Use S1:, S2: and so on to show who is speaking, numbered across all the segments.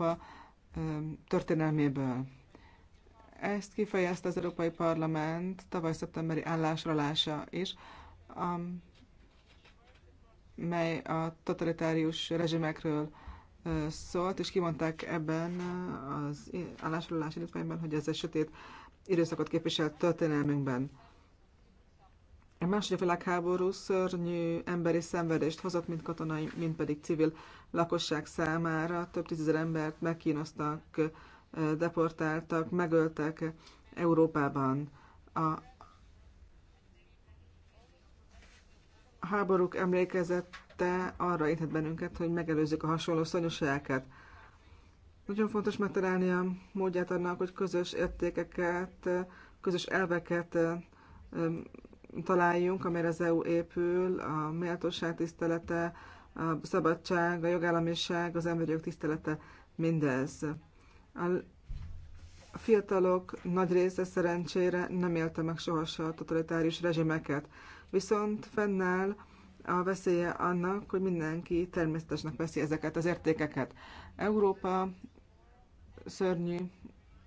S1: Európa történelméből. Ezt kifejezte az Európai Parlament tavaly szeptemberi állásralása is, mely a totalitárius rezsimekről szólt, és kimondták ebben az állásfoglalás indítványban, hogy ez egy sötét időszakot képviselt történelmünkben. A második világháború szörnyű emberi szenvedést hozott, mint katonai, mint pedig civil lakosság számára. Több tízezer embert megkínoztak, deportáltak, megöltek Európában. A háborúk emlékezette arra intett bennünket, hogy megelőzzük a hasonló szanyosságokat. Nagyon fontos megtalálni a módját annak, hogy közös értékeket, közös elveket találjunk, amire az EU épül, a méltóság tisztelete, a szabadság, a jogállamiság, az emberi jog tisztelete, mindez. A fiatalok nagy része szerencsére nem élte meg sohasem a totalitárius rezsimeket, viszont fennáll a veszélye annak, hogy mindenki természetesnek veszi ezeket az értékeket. Európa szörnyű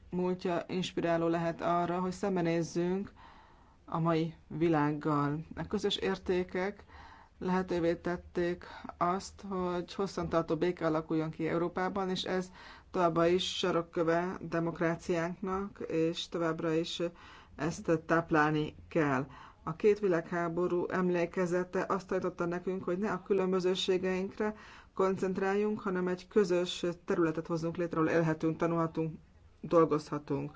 S1: múltja inspiráló lehet arra, hogy szembenézzünk a mai világgal. A közös értékek lehetővé tették azt, hogy hosszantartó béke alakuljon ki Európában, és ez továbbá is sarokköve demokráciánknak, és továbbra is ezt táplálni kell. A két világháború emlékezete azt tanította nekünk, hogy ne a különbözőségeinkre koncentráljunk, hanem egy közös területet hozzunk létre, ahol élhetünk, tanulhatunk, dolgozhatunk.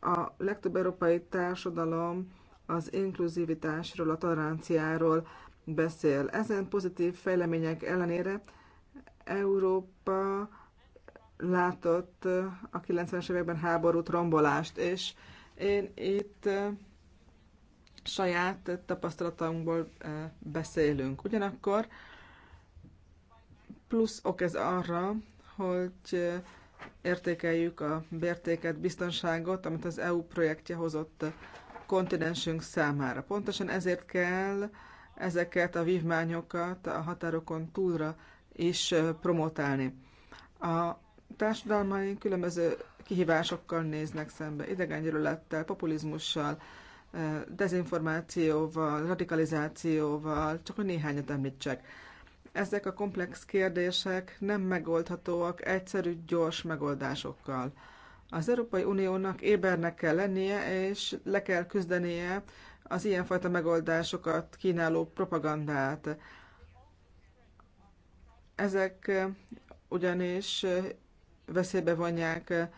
S1: A legtöbb európai társadalom az inkluzivitásról, a toleranciáról beszél. Ezen pozitív fejlemények ellenére Európa látott a 90-es években háborút, rombolást, és én itt eh, saját tapasztalatunkból eh, beszélünk. Ugyanakkor plusz ok ez arra, hogy eh, értékeljük a bértéket, biztonságot, amit az EU projektje hozott kontinensünk számára. Pontosan ezért kell ezeket a vívmányokat a határokon túlra is promotálni. A társadalmaink különböző kihívásokkal néznek szembe, idegengyűlölettel, populizmussal, dezinformációval, radikalizációval, csak hogy néhányat említsek. Ezek a komplex kérdések nem megoldhatóak egyszerű, gyors megoldásokkal. Az Európai Uniónak ébernek kell lennie, és le kell küzdenie az ilyenfajta megoldásokat kínáló propagandát. Ezek ugyanis veszélybe vonják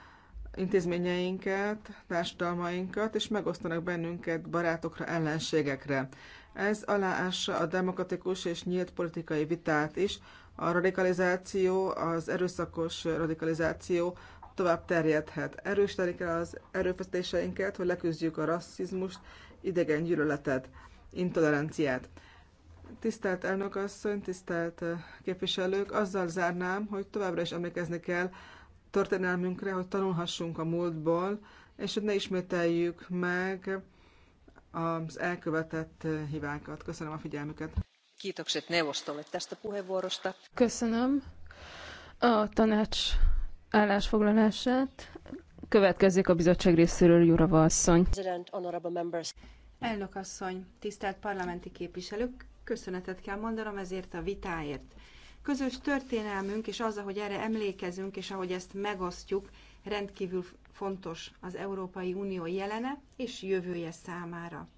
S1: intézményeinket, társadalmainkat, és megosztanak bennünket barátokra, ellenségekre. Ez aláássa a demokratikus és nyílt politikai vitát is. A radikalizáció, az erőszakos radikalizáció tovább terjedhet. Erősíteni kell az erőfeszítéseinket, hogy leküzdjük a rasszizmust, idegen gyűlöletet, intoleranciát. Tisztelt elnök asszony, tisztelt eh, képviselők, azzal zárnám, hogy továbbra is emlékezni kell történelmünkre, hogy tanulhassunk a múltból, és hogy ne ismételjük meg az elkövetett eh, hibákat. Köszönöm a figyelmüket.
S2: hogy ezt a puheborostat.
S3: Köszönöm a tanács állásfoglalását. Következik a bizottság részéről Jurava asszony.
S4: Elnök asszony, tisztelt parlamenti képviselők, köszönetet kell mondanom ezért a vitáért. Közös történelmünk és az, ahogy erre emlékezünk és ahogy ezt megosztjuk, rendkívül fontos az Európai Unió jelene és jövője számára.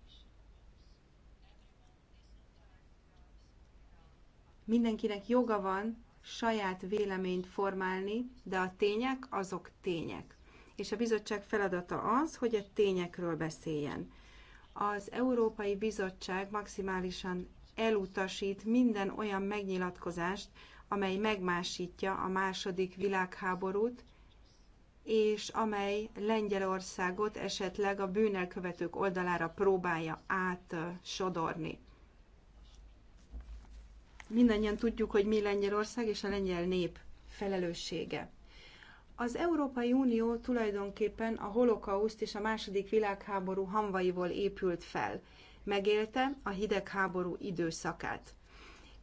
S4: Mindenkinek joga van saját véleményt formálni, de a tények azok tények. És a bizottság feladata az, hogy a tényekről beszéljen. Az Európai Bizottság maximálisan elutasít minden olyan megnyilatkozást, amely megmásítja a második világháborút, és amely Lengyelországot esetleg a bűnelkövetők oldalára próbálja átsodorni. Mindannyian tudjuk, hogy mi Lengyelország és a lengyel nép felelőssége. Az Európai Unió tulajdonképpen a holokauszt és a második világháború hamvaival épült fel. Megélte a hidegháború időszakát.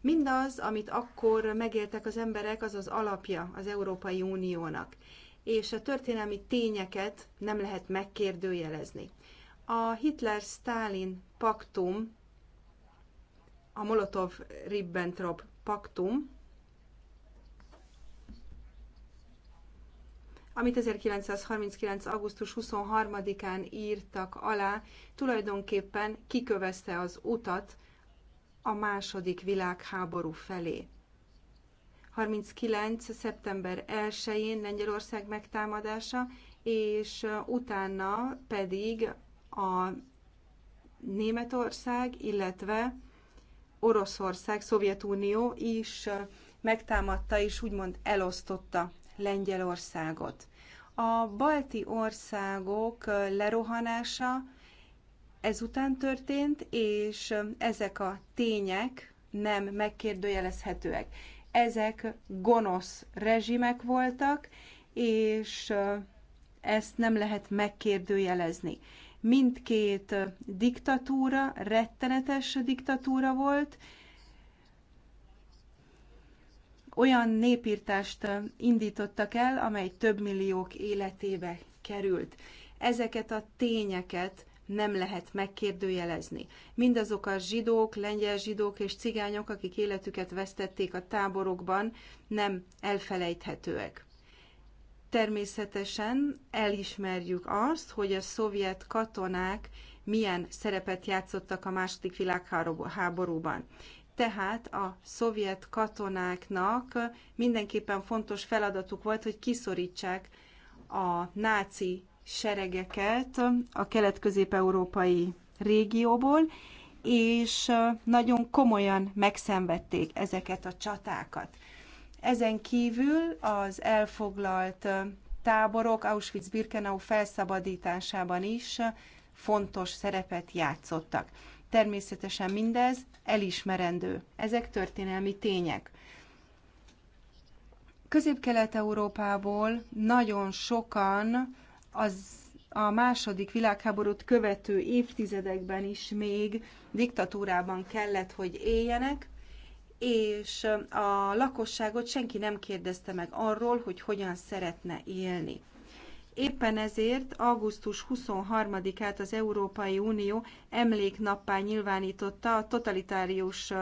S4: Mindaz, amit akkor megéltek az emberek, az az alapja az Európai Uniónak, és a történelmi tényeket nem lehet megkérdőjelezni. A Hitler-Stalin paktum a Molotov-Ribbentrop paktum, amit 1939. augusztus 23-án írtak alá, tulajdonképpen kikövezte az utat a második világháború felé. 39. szeptember 1-én Lengyelország megtámadása, és uh, utána pedig a Németország, illetve Oroszország, Szovjetunió is megtámadta és úgymond elosztotta Lengyelországot. A balti országok lerohanása ezután történt, és ezek a tények nem megkérdőjelezhetőek. Ezek gonosz rezsimek voltak, és ezt nem lehet megkérdőjelezni. Mindkét diktatúra rettenetes diktatúra volt, olyan népírtást indítottak el, amely több milliók életébe került. Ezeket a tényeket nem lehet megkérdőjelezni. Mindazok a zsidók, lengyel zsidók és cigányok, akik életüket vesztették a táborokban, nem elfelejthetőek. Természetesen elismerjük azt, hogy a szovjet katonák milyen szerepet játszottak a második világháborúban. Tehát a szovjet katonáknak mindenképpen fontos feladatuk volt, hogy kiszorítsák a náci seregeket a kelet-közép-európai régióból, és nagyon komolyan megszenvedték ezeket a csatákat. Ezen kívül az elfoglalt táborok Auschwitz-Birkenau felszabadításában is fontos szerepet játszottak. Természetesen mindez elismerendő. Ezek történelmi tények. Közép-Kelet-Európából nagyon sokan az a második világháborút követő évtizedekben is még diktatúrában kellett, hogy éljenek, és a lakosságot senki nem kérdezte meg arról, hogy hogyan szeretne élni. Éppen ezért augusztus 23-át az Európai Unió emléknappá nyilvánította a totalitárius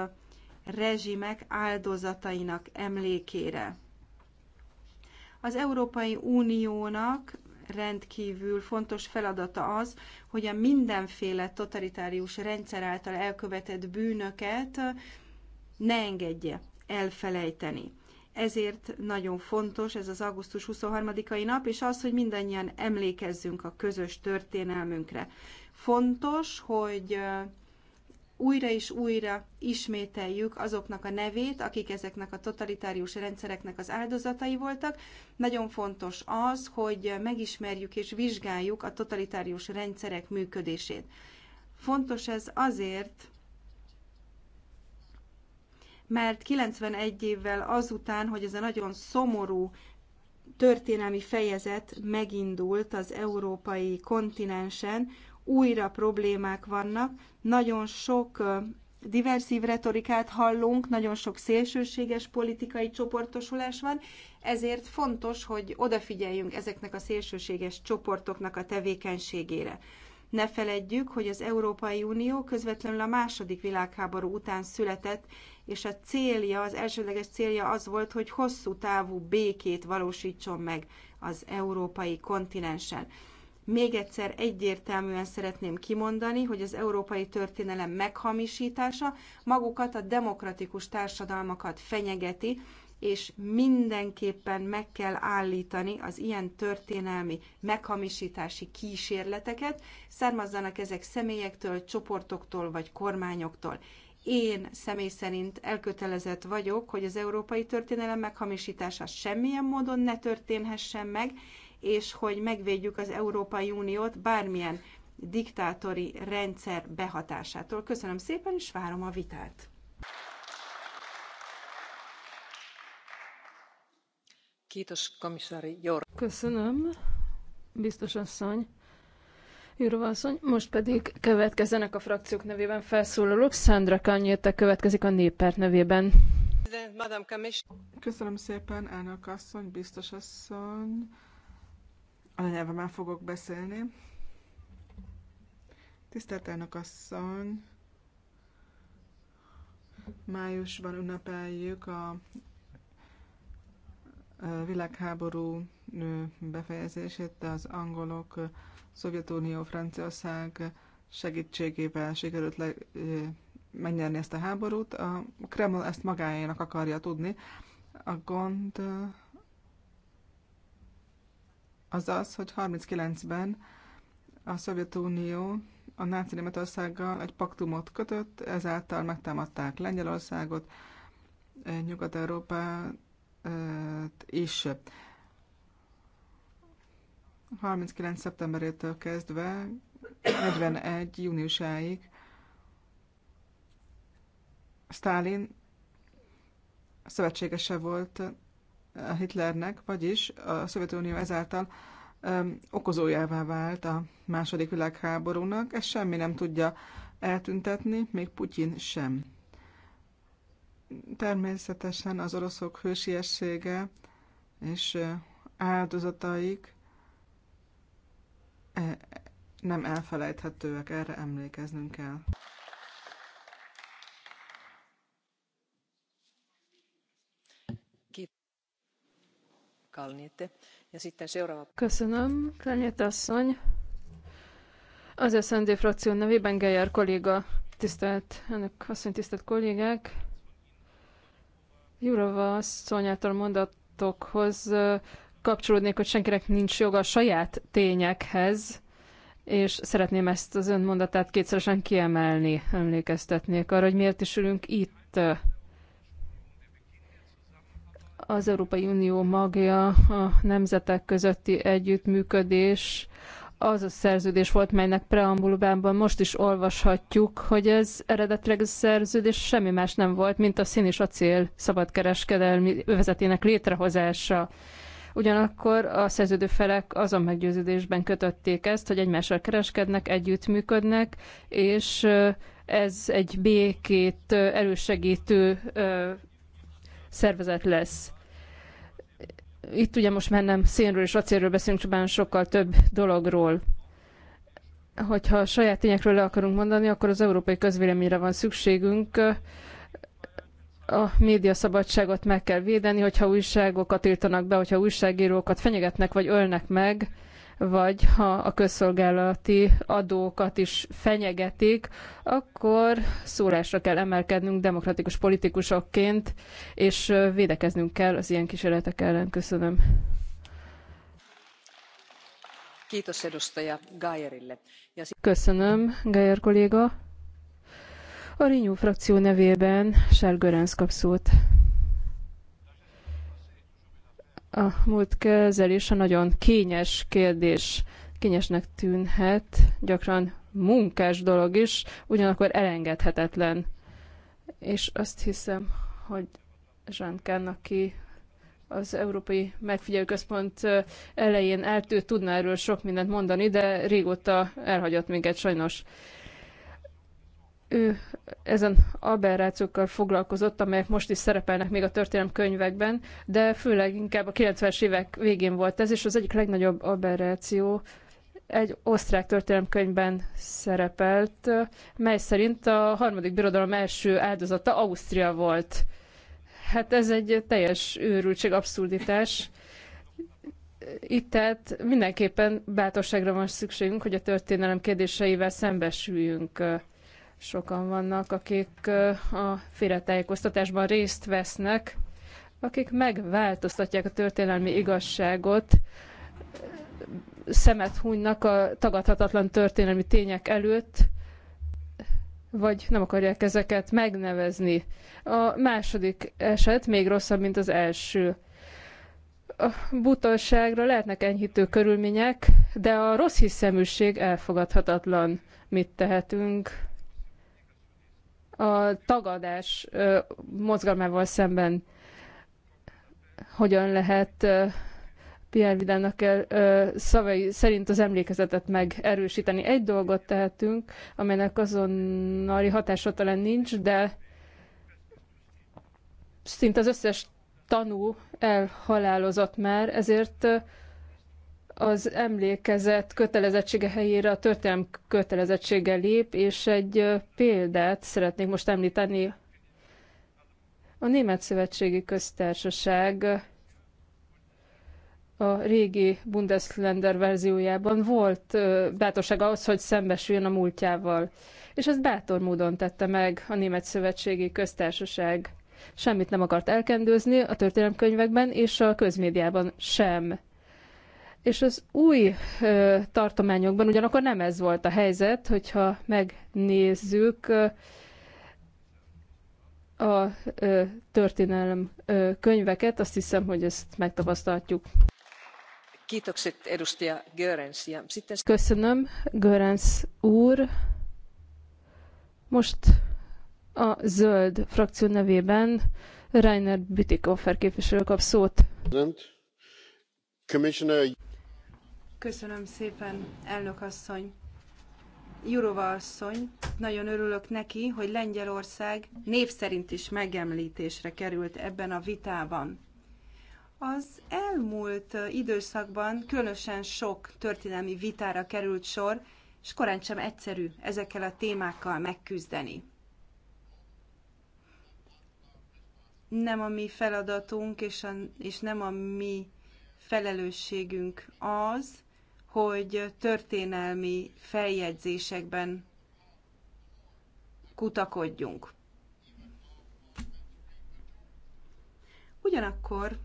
S4: rezsimek áldozatainak emlékére. Az Európai Uniónak rendkívül fontos feladata az, hogy a mindenféle totalitárius rendszer által elkövetett bűnöket ne engedje elfelejteni. Ezért nagyon fontos ez az augusztus 23-ai nap, és az, hogy mindannyian emlékezzünk a közös történelmünkre. Fontos, hogy újra és újra ismételjük azoknak a nevét, akik ezeknek a totalitárius rendszereknek az áldozatai voltak. Nagyon fontos az, hogy megismerjük és vizsgáljuk a totalitárius rendszerek működését. Fontos ez azért, mert 91 évvel azután, hogy ez a nagyon szomorú történelmi fejezet megindult az európai kontinensen, újra problémák vannak, nagyon sok diverszív retorikát hallunk, nagyon sok szélsőséges politikai csoportosulás van, ezért fontos, hogy odafigyeljünk ezeknek a szélsőséges csoportoknak a tevékenységére. Ne feledjük, hogy az Európai Unió közvetlenül a második világháború után született, és a célja, az elsődleges célja az volt, hogy hosszú távú békét valósítson meg az európai kontinensen. Még egyszer egyértelműen szeretném kimondani, hogy az európai történelem meghamisítása magukat a demokratikus társadalmakat fenyegeti, és mindenképpen meg kell állítani az ilyen történelmi meghamisítási kísérleteket, származzanak ezek személyektől, csoportoktól vagy kormányoktól. Én személy szerint elkötelezett vagyok, hogy az európai történelem meghamisítása semmilyen módon ne történhessen meg, és hogy megvédjük az Európai Uniót bármilyen diktátori rendszer behatásától. Köszönöm szépen, és várom a vitát.
S3: Köszönöm, biztos asszony. Jurva asszony, most pedig következzenek a frakciók nevében felszólalók. Sandra Kanyéta következik a néppárt nevében.
S1: Köszönöm szépen, elnök asszony, biztos asszony. már fogok beszélni. Tisztelt elnök asszony, májusban ünnepeljük a világháború befejezését, de az angolok, Szovjetunió, Franciaország segítségével sikerült le, megnyerni ezt a háborút. A Kreml ezt magáénak akarja tudni. A gond az az, hogy 39-ben a Szovjetunió a náci Németországgal egy paktumot kötött, ezáltal megtámadták Lengyelországot, Nyugat-Európát, is. 39. szeptemberétől kezdve 41. júniusáig Stalin szövetségese volt Hitlernek, vagyis a Szovjetunió ezáltal öm, okozójává vált a második világháborúnak. Ezt semmi nem tudja eltüntetni, még Putyin sem. Természetesen az oroszok hősiessége és áldozataik nem elfelejthetőek, erre emlékeznünk kell.
S3: Köszönöm, Kalniete asszony. Az SZND frakció nevében Geyer kolléga, tisztelt ennek asszony, tisztelt kollégák. Jurova asszony mondatokhoz kapcsolódnék, hogy senkinek nincs joga a saját tényekhez, és szeretném ezt az mondatát kétszeresen kiemelni, emlékeztetnék arra, hogy miért is ülünk itt. Az Európai Unió magja a nemzetek közötti együttműködés az a szerződés volt, melynek preambulumában most is olvashatjuk, hogy ez eredetileg a szerződés semmi más nem volt, mint a szín és acél szabadkereskedelmi övezetének létrehozása. Ugyanakkor a szerződő felek azon meggyőződésben kötötték ezt, hogy egymással kereskednek, együttműködnek, és ez egy békét elősegítő szervezet lesz itt ugye most már nem szénről és acélről beszélünk, csupán sokkal több dologról. Hogyha a saját tényekről le akarunk mondani, akkor az európai közvéleményre van szükségünk. A média szabadságot meg kell védeni, hogyha újságokat írtanak be, hogyha újságírókat fenyegetnek vagy ölnek meg, vagy ha a közszolgálati adókat is fenyegetik, akkor szólásra kell emelkednünk demokratikus politikusokként, és védekeznünk kell az ilyen kísérletek ellen. Köszönöm.
S2: Köszönöm,
S3: Gájer kolléga. A Rinyó frakció nevében Sár Görenc kap szót. A múlt kezelése nagyon kényes kérdés. Kényesnek tűnhet, gyakran munkás dolog is, ugyanakkor elengedhetetlen. És azt hiszem, hogy Zsánkán, aki az Európai Megfigyelőközpont elején eltűnt tudna erről sok mindent mondani, de régóta elhagyott minket sajnos ő ezen aberrációkkal foglalkozott, amelyek most is szerepelnek még a történelem könyvekben, de főleg inkább a 90-es évek végén volt ez, és az egyik legnagyobb aberráció egy osztrák történelemkönyvben szerepelt, mely szerint a harmadik birodalom első áldozata Ausztria volt. Hát ez egy teljes őrültség, abszurditás. Itt tehát mindenképpen bátorságra van szükségünk, hogy a történelem kérdéseivel szembesüljünk Sokan vannak, akik a félretájékoztatásban részt vesznek, akik megváltoztatják a történelmi igazságot, szemet hunynak a tagadhatatlan történelmi tények előtt, vagy nem akarják ezeket megnevezni. A második eset még rosszabb, mint az első. A butasságra lehetnek enyhítő körülmények, de a rossz hiszeműség elfogadhatatlan. Mit tehetünk? a tagadás mozgalmával szemben hogyan lehet Pierre Vidának szavai szerint az emlékezetet megerősíteni. Egy dolgot tehetünk, amelynek azonnali hatása talán nincs, de szinte az összes tanú elhalálozott már, ezért az emlékezet kötelezettsége helyére a történelm kötelezettsége lép, és egy példát szeretnék most említeni. A Német Szövetségi Köztársaság a régi Bundesländer verziójában volt bátorság ahhoz, hogy szembesüljön a múltjával. És ezt bátor módon tette meg a Német Szövetségi Köztársaság. Semmit nem akart elkendőzni a történelemkönyvekben és a közmédiában sem és az új ö, tartományokban ugyanakkor nem ez volt a helyzet, hogyha megnézzük ö, a ö, történelem ö, könyveket, azt hiszem, hogy ezt megtapasztalhatjuk. Köszönöm, Görens úr. Most a zöld frakció nevében Reiner Bütikofer képviselő kap szót.
S4: Köszönöm szépen, elnök asszony. Jurova asszony, nagyon örülök neki, hogy Lengyelország név szerint is megemlítésre került ebben a vitában. Az elmúlt időszakban különösen sok történelmi vitára került sor, és korán sem egyszerű ezekkel a témákkal megküzdeni. Nem a mi feladatunk, és, a, és nem a mi felelősségünk az, hogy történelmi feljegyzésekben kutakodjunk. Ugyanakkor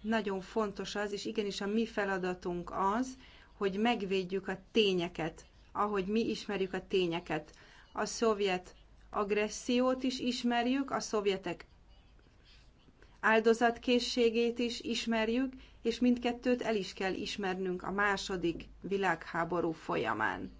S4: nagyon fontos az, és igenis a mi feladatunk az, hogy megvédjük a tényeket, ahogy mi ismerjük a tényeket. A szovjet agressziót is ismerjük, a szovjetek áldozatkészségét is ismerjük, és mindkettőt el is kell ismernünk a második világháború folyamán.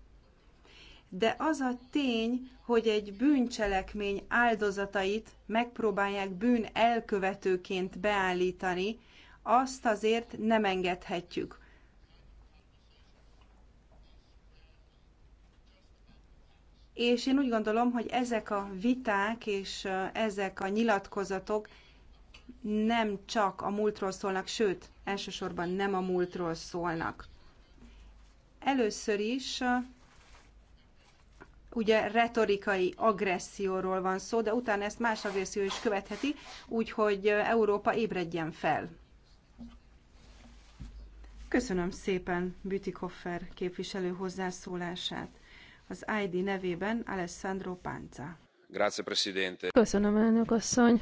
S4: De az a tény, hogy egy bűncselekmény áldozatait megpróbálják bűn elkövetőként beállítani, azt azért nem engedhetjük. És én úgy gondolom, hogy ezek a viták és ezek a nyilatkozatok nem csak a múltról szólnak, sőt, elsősorban nem a múltról szólnak. Először is uh, ugye retorikai agresszióról van szó, de utána ezt más agresszió is követheti, úgyhogy uh, Európa ébredjen fel. Köszönöm szépen Bütikoffer képviselő hozzászólását. Az ID nevében Alessandro Panza.
S5: Grazie, Presidente. Köszönöm,
S3: elnök asszony.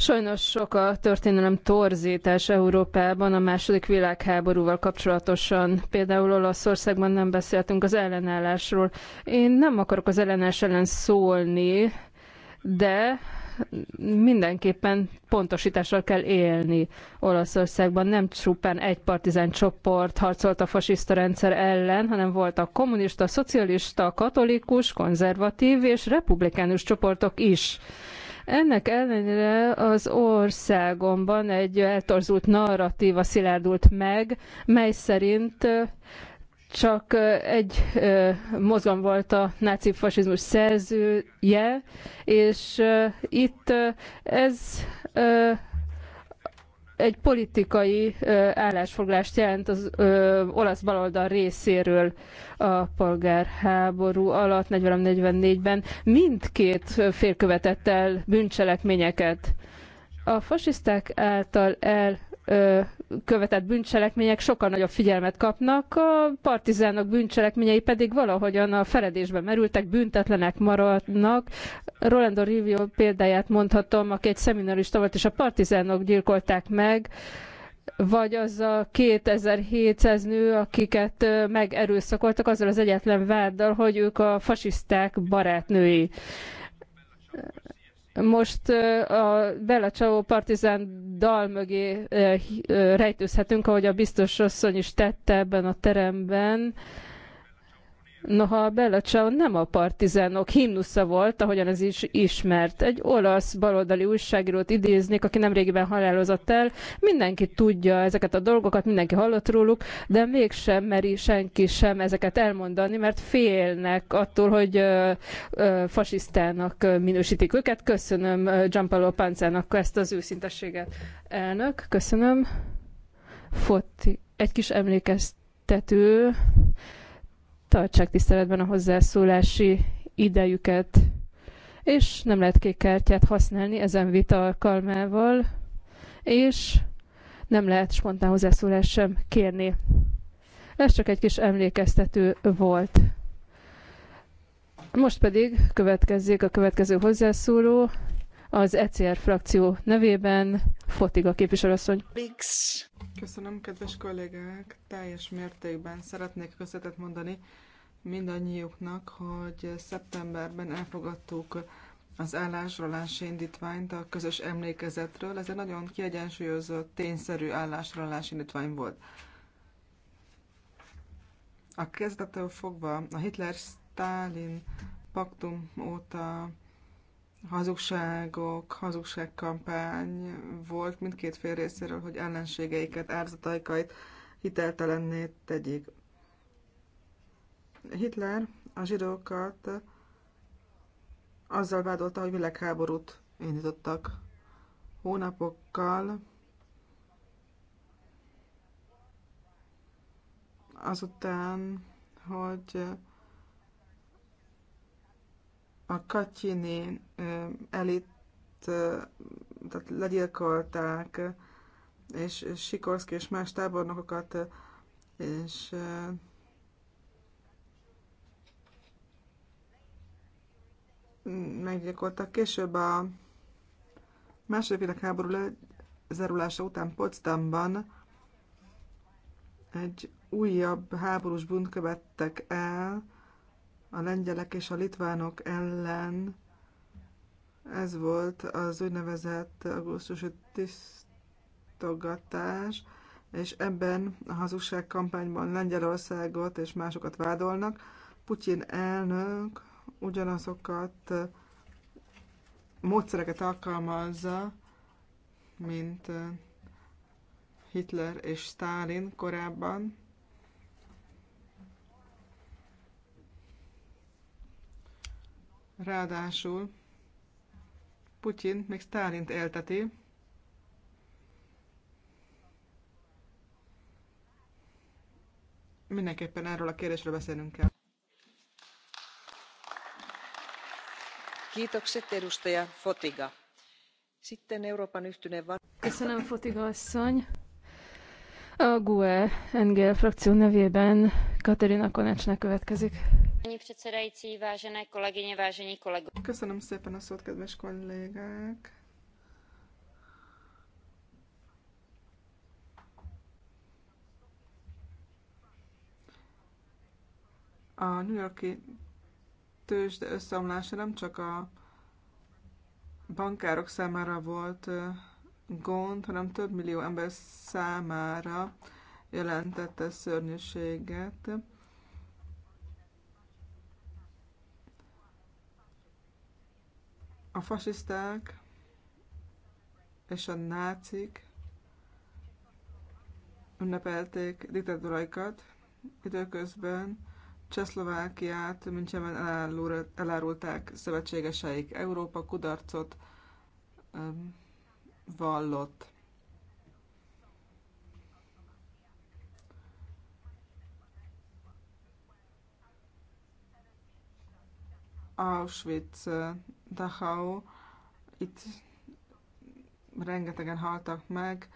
S3: Sajnos sok a történelem torzítás Európában a második világháborúval kapcsolatosan. Például Olaszországban nem beszéltünk az ellenállásról. Én nem akarok az ellenállás ellen szólni, de mindenképpen pontosítással kell élni Olaszországban. Nem csupán egy partizán csoport harcolt a fasiszta rendszer ellen, hanem voltak kommunista, szocialista, katolikus, konzervatív és republikánus csoportok is. Ennek ellenére az országomban egy eltorzult narratíva szilárdult meg, mely szerint csak egy mozgalom volt a náci fasizmus szerzője, és itt ez egy politikai állásfoglást jelent az olasz baloldal részéről a polgárháború alatt, 43-44-ben. Mindkét fél követett el bűncselekményeket. A fasiszták által el követett bűncselekmények sokkal nagyobb figyelmet kapnak, a partizánok bűncselekményei pedig valahogyan a feledésbe merültek, büntetlenek maradnak. Rolando Rivio példáját mondhatom, aki egy szeminarista volt, és a partizánok gyilkolták meg, vagy az a 2700 nő, akiket megerőszakoltak azzal az egyetlen váddal, hogy ők a fasiszták barátnői most a Belecsavó partizán dal mögé rejtőzhetünk, ahogy a biztos asszony is tette ebben a teremben. Noha Bella Ciao nem a partizánok himnusza volt, ahogyan ez is ismert. Egy olasz baloldali újságírót idéznék, aki nemrégiben halálozott el. Mindenki tudja ezeket a dolgokat, mindenki hallott róluk, de mégsem meri senki sem ezeket elmondani, mert félnek attól, hogy ö, ö, fasisztának minősítik őket. Köszönöm Giampaolo Pancának ezt az őszintességet. Elnök, köszönöm. Fotti. Egy kis emlékeztető tartsák tiszteletben a hozzászólási idejüket, és nem lehet kék kártyát használni ezen vita alkalmával, és nem lehet spontán hozzászólás sem kérni. Ez csak egy kis emlékeztető volt. Most pedig következzék a következő hozzászóló az ECR frakció nevében Fotiga képviselőasszony.
S1: Köszönöm, kedves kollégák! Teljes mértékben szeretnék köszönetet mondani mindannyiuknak, hogy szeptemberben elfogadtuk az állásrólási indítványt a közös emlékezetről. Ez egy nagyon kiegyensúlyozott, tényszerű állásrólási indítvány volt. A kezdettől fogva a Hitler-Stalin paktum óta hazugságok, hazugságkampány volt mindkét fél részéről, hogy ellenségeiket, árzataikait hiteltelenné tegyék. Hitler a zsidókat azzal vádolta, hogy világháborút indítottak hónapokkal, azután, hogy a Katyini elit, tehát legyilkolták, és Sikorszki és más tábornokokat, és meggyilkoltak. Később a második világháború lezárulása után Potsdamban egy újabb háborús bunt követtek el, a lengyelek és a litvánok ellen ez volt az úgynevezett augusztusi tisztogatás, és ebben a hazugság kampányban Lengyelországot és másokat vádolnak. Putyin elnök ugyanazokat módszereket alkalmazza, mint Hitler és Stalin korábban, Ráadásul Putyin még Sztálint elteti. Mindenképpen erről a kérdésről beszélnünk kell.
S2: Fotiga. Sitten
S3: Köszönöm, Fotiga asszony. A GUE NGL frakció nevében Katerina Konecsnek következik předsedající vážené kolegyně vážení kolegové
S1: köszönöm szépen a szót kedves kollégák a New Yorki tőzsde összeomlása nem csak a bankárok számára volt gond, hanem több millió ember számára jelentette szörnyűséget. A fasiszták és a nácik ünnepelték diktatúraikat, időközben Csehszlovákiát Münchenben elárulták szövetségeseik. Európa kudarcot um, vallott. Auschwitz Dachau, itt rengetegen haltak meg,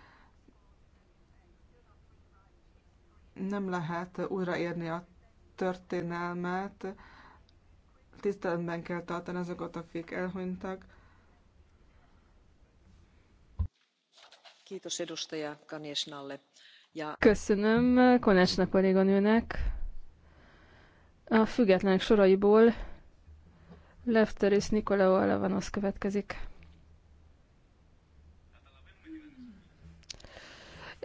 S1: nem lehet újraérni a történelmet, tiszteletben kell tartani azokat, akik elhunytak.
S2: Kiitos edustaja Ja.
S3: Köszönöm Konesnak kolléganőnek. A függetlenek soraiból Lefteris Nikolao Alavanos következik.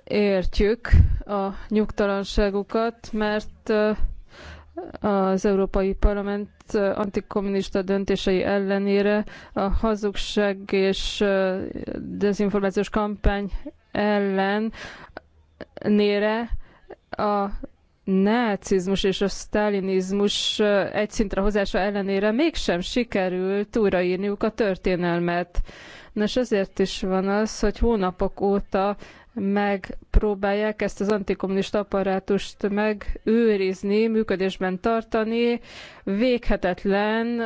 S3: Értjük a nyugtalanságukat, mert az Európai Parlament antikommunista döntései ellenére a hazugság és dezinformációs kampány ellen nére a nácizmus és a sztálinizmus egy szintre hozása ellenére mégsem sikerült újraírniuk a történelmet. Nos, ezért is van az, hogy hónapok óta megpróbálják ezt az antikommunista apparátust megőrizni, működésben tartani, véghetetlen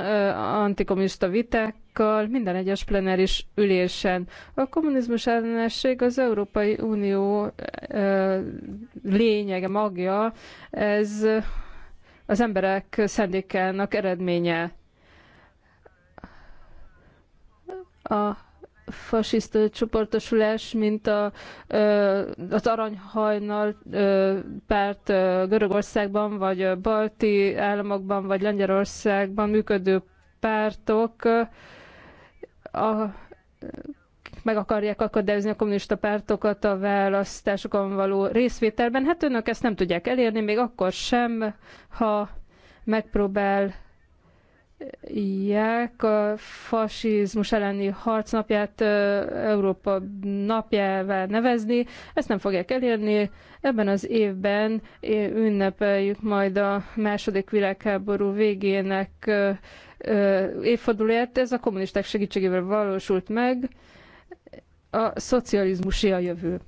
S3: antikommunista vitákkal, minden egyes plenáris ülésen. A kommunizmus ellenesség az Európai Unió lényege, magja, ez az emberek szendékának eredménye. A fasiszta csoportosulás, mint a, az Aranyhajnal párt Görögországban, vagy a balti államokban, vagy Lengyelországban működő pártok a, meg akarják akadályozni a kommunista pártokat a választásokon való részvételben. Hát önök ezt nem tudják elérni, még akkor sem, ha megpróbál ják a fasizmus elleni harcnapját Európa napjává nevezni. Ezt nem fogják elérni. Ebben az évben ünnepeljük majd a második világháború végének évfordulóját. Ez a kommunisták segítségével valósult meg. A szocializmusé a jövő.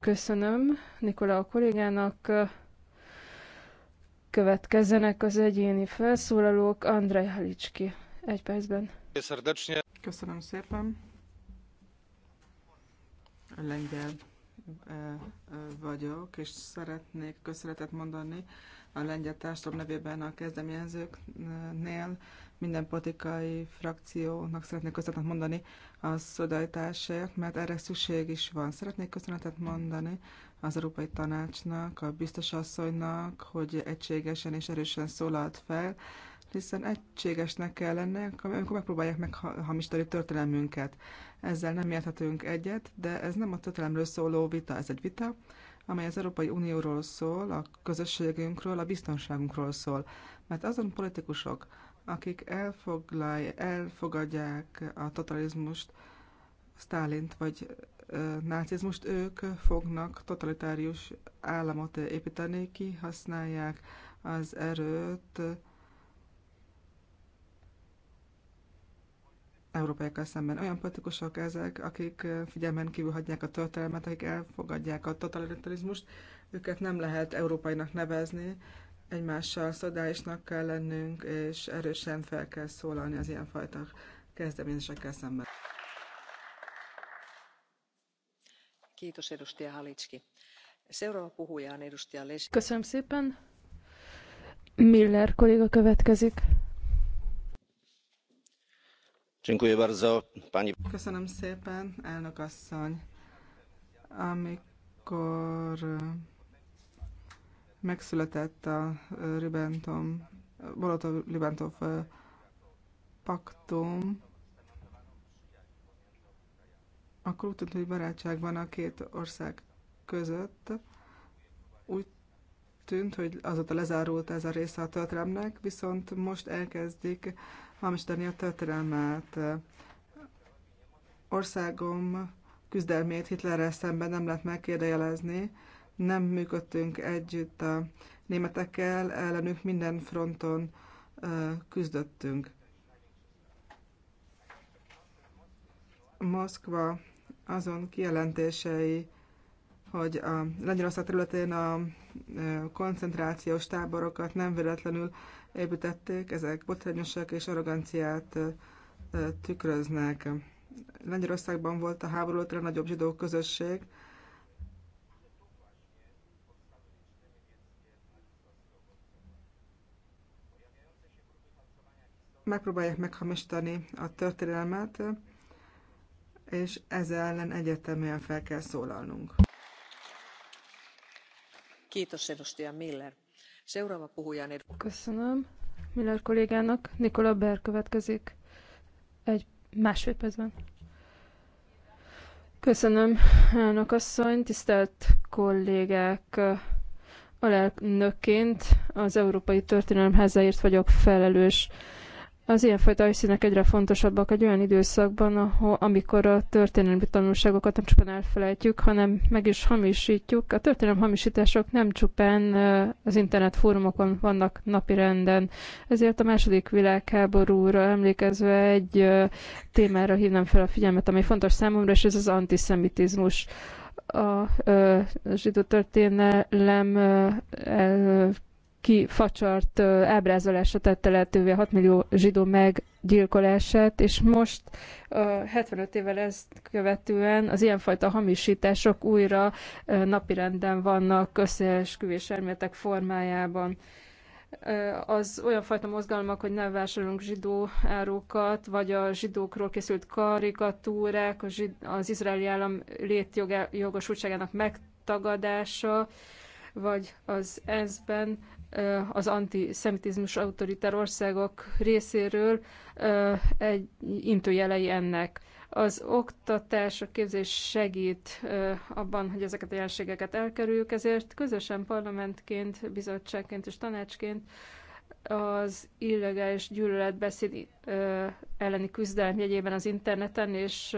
S3: Köszönöm Nikolau kollégának. Következzenek az egyéni felszólalók. Andrej Halicski, egy percben. Köszönöm szépen.
S1: Lengyel e, e, vagyok, és szeretnék köszönetet mondani a lengyel társadalom nevében a kezdeményezőknél, minden politikai frakciónak szeretnék köszönetet mondani a szolidaritásért, mert erre szükség is van. Szeretnék köszönetet mondani az Európai Tanácsnak, a biztos asszonynak, hogy egységesen és erősen szólalt fel, hiszen egységesnek kell lennek, amikor megpróbálják meghamisítani történelmünket. Ezzel nem érthetünk egyet, de ez nem a történelemről szóló vita, ez egy vita, amely az Európai Unióról szól, a közösségünkről, a biztonságunkról szól. Mert azon politikusok, akik elfoglalj, elfogadják a totalizmust, Stálint vagy nácizmust, ők fognak totalitárius államot építeni, kihasználják az erőt európaiakkal szemben. Olyan politikusok ezek, akik figyelmen kívül hagyják a történelmet, akik elfogadják a totalitarizmust, őket nem lehet európainak nevezni, egymással szodálisnak kell lennünk, és erősen fel kell szólalni az ilyenfajta kezdeményezésekkel szemben.
S2: Kiitos, edustaja halicski. Seuraava puhuja on edustaja Köszönöm szépen.
S3: Miller kolléga következik.
S1: Köszönöm szépen, elnök asszony. Amikor megszületett a Ribbentrop, Molotov-Ribbentrop paktum, akkor úgy tűnt, hogy barátság van a két ország között. Úgy tűnt, hogy azóta lezárult ez a része a történelmnek, viszont most elkezdik hamisítani a történelmet. Országom küzdelmét Hitlerrel szemben nem lehet megkérdejelezni, nem működtünk együtt a németekkel, ellenük minden fronton küzdöttünk. Moszkva azon kijelentései, hogy a Lengyelország területén a koncentrációs táborokat nem véletlenül építették, ezek botrányosak és arroganciát tükröznek. Lengyelországban volt a háború után nagyobb zsidó közösség, megpróbálják meghamisítani a történelmet, és ezzel ellen egyértelműen fel kell szólalnunk.
S2: Miller. Köszönöm
S3: Miller kollégának. Nikola Ber következik egy másfél percben. Köszönöm, elnök asszony, tisztelt kollégák! Alelnökként az Európai Történelem Házáért vagyok felelős. Az ilyenfajta helyszínek egyre fontosabbak egy olyan időszakban, ahol, amikor a történelmi tanulságokat nem csupán elfelejtjük, hanem meg is hamisítjuk. A történelmi hamisítások nem csupán az internet fórumokon vannak napirenden, ezért a második világháborúra emlékezve egy témára hívnám fel a figyelmet, ami fontos számomra, és ez az antiszemitizmus a ö, zsidó történelem kifacsart ábrázolása tette lehetővé a 6 millió zsidó meggyilkolását, és most 75 évvel ezt követően az ilyenfajta hamisítások újra napirenden vannak összeesküvés elméletek formájában az olyan fajta mozgalmak, hogy nem vásárolunk zsidó árukat, vagy a zsidókról készült karikatúrák, az izraeli állam létjogosultságának megtagadása, vagy az ENSZ-ben az antiszemitizmus autoriter országok részéről egy intőjelei ennek. Az oktatás, a képzés segít abban, hogy ezeket a jelenségeket elkerüljük, ezért közösen parlamentként, bizottságként és tanácsként az illegális gyűlöletbeszéd elleni küzdelem jegyében az interneten és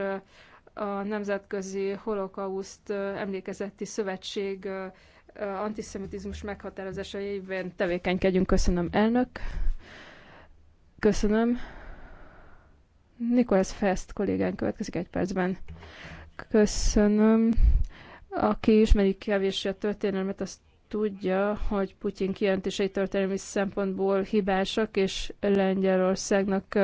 S3: a Nemzetközi Holokauszt Emlékezeti Szövetség Eh, antiszemitizmus meghatározása tevékenykedjünk. Köszönöm, elnök. Köszönöm. Nikolás Fest kollégán következik egy percben. Köszönöm. Aki ismeri kevéssé a történelmet, azt tudja, hogy Putyin kijelentései történelmi szempontból hibásak, és Lengyelországnak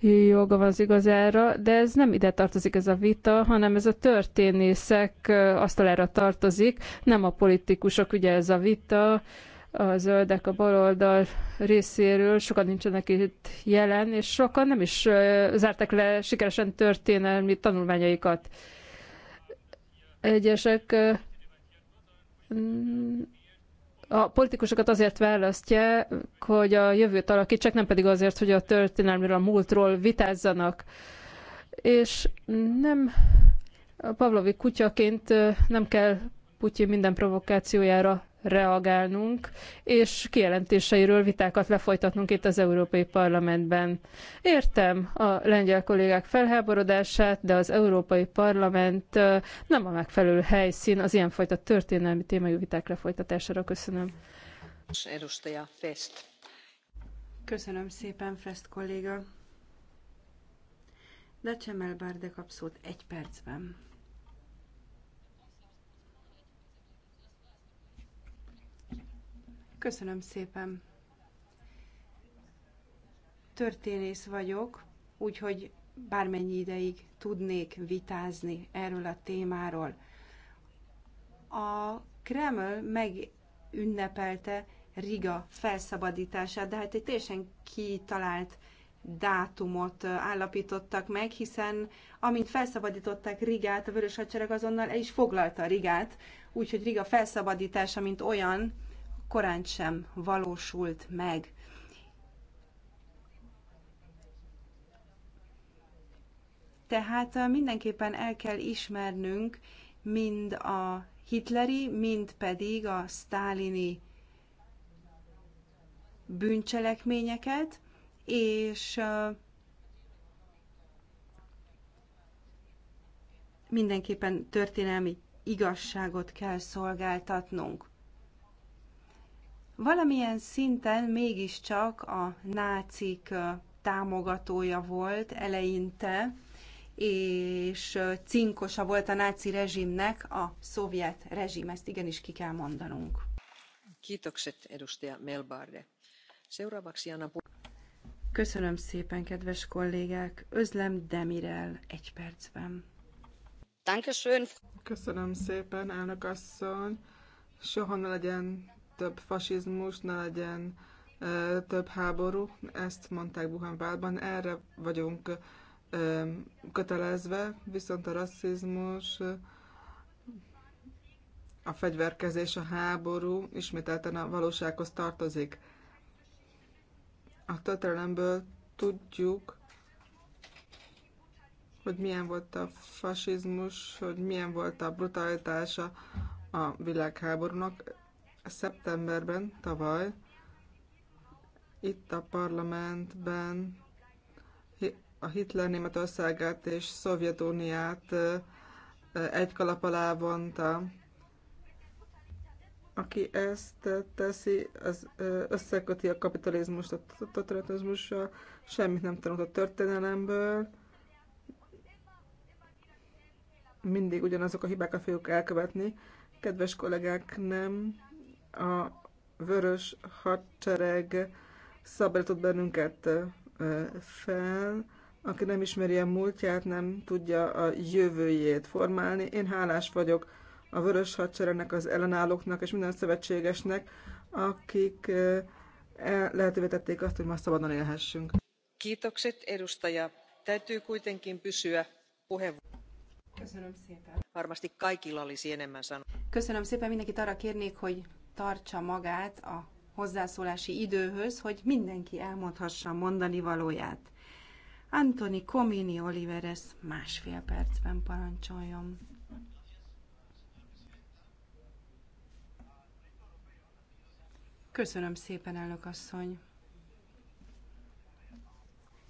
S3: joga van az igazára, de ez nem ide tartozik ez a vita, hanem ez a történészek asztalára tartozik, nem a politikusok, ugye ez a vita, a zöldek a baloldal részéről, sokan nincsenek itt jelen, és sokan nem is zárták le sikeresen történelmi tanulmányaikat. Egyesek a politikusokat azért választja, hogy a jövőt alakítsák, nem pedig azért, hogy a történelmiről, a múltról vitázzanak. És nem a Pavlovi kutyaként nem kell Putyin minden provokációjára reagálnunk, és kijelentéseiről vitákat lefolytatnunk itt az Európai Parlamentben. Értem a lengyel kollégák felháborodását, de az Európai Parlament nem a megfelelő helyszín az ilyenfajta történelmi témájú viták lefolytatására. Köszönöm.
S4: Köszönöm szépen, Fest kolléga. De Bárde kapszót egy percben. Köszönöm szépen. Történész vagyok, úgyhogy bármennyi ideig tudnék vitázni erről a témáról. A Kreml megünnepelte Riga felszabadítását, de hát egy teljesen kitalált dátumot állapítottak meg, hiszen amint felszabadították Rigát, a Vörös Hadsereg azonnal el is foglalta Rigát, úgyhogy Riga felszabadítása, mint olyan, korán sem valósult meg. Tehát uh, mindenképpen el kell ismernünk mind a hitleri, mind pedig a sztálini bűncselekményeket, és uh, mindenképpen történelmi igazságot kell szolgáltatnunk valamilyen szinten mégiscsak a nácik támogatója volt eleinte, és cinkosa volt a náci rezsimnek a szovjet rezsim. Ezt igenis ki kell mondanunk.
S2: Kitokset, edustaja Melbarde. Seuraavaksi Anna
S4: Köszönöm szépen, kedves kollégák. Özlem Demirel egy percben.
S1: Köszönöm szépen, elnök asszony. Soha ne legyen több fasizmus, ne legyen több háború, ezt mondták Buchenwaldban, erre vagyunk kötelezve, viszont a rasszizmus, a fegyverkezés, a háború ismételten a valósághoz tartozik. A történelemből tudjuk, hogy milyen volt a fasizmus, hogy milyen volt a brutalitása a világháborúnak szeptemberben, tavaly, itt a parlamentben a Hitler Németországát és Szovjetuniát egy kalap alá vonta. Aki ezt teszi, az összeköti a kapitalizmust a totalitizmussal, semmit nem tanult a történelemből, mindig ugyanazok a hibákat fogjuk elkövetni. Kedves kollégák, nem a vörös hadsereg szabadított bennünket fel, aki nem ismeri a múltját, nem tudja a jövőjét formálni. Én hálás vagyok a vörös hadseregnek, az ellenállóknak és minden szövetségesnek, akik lehetővé tették azt, hogy ma
S4: szabadon élhessünk.
S2: Kiitokset, edustaja. Täytyy kuitenkin pysyä puheenvuoron. Köszönöm szépen. Varmasti kaikilla olisi enemmän sanoa.
S4: Köszönöm szépen, mindenkit arra kérnék, hogy tartsa magát a hozzászólási időhöz, hogy mindenki elmondhassa mondani valóját. Antoni Comini Oliveres másfél percben parancsoljon. Köszönöm szépen, elnök asszony.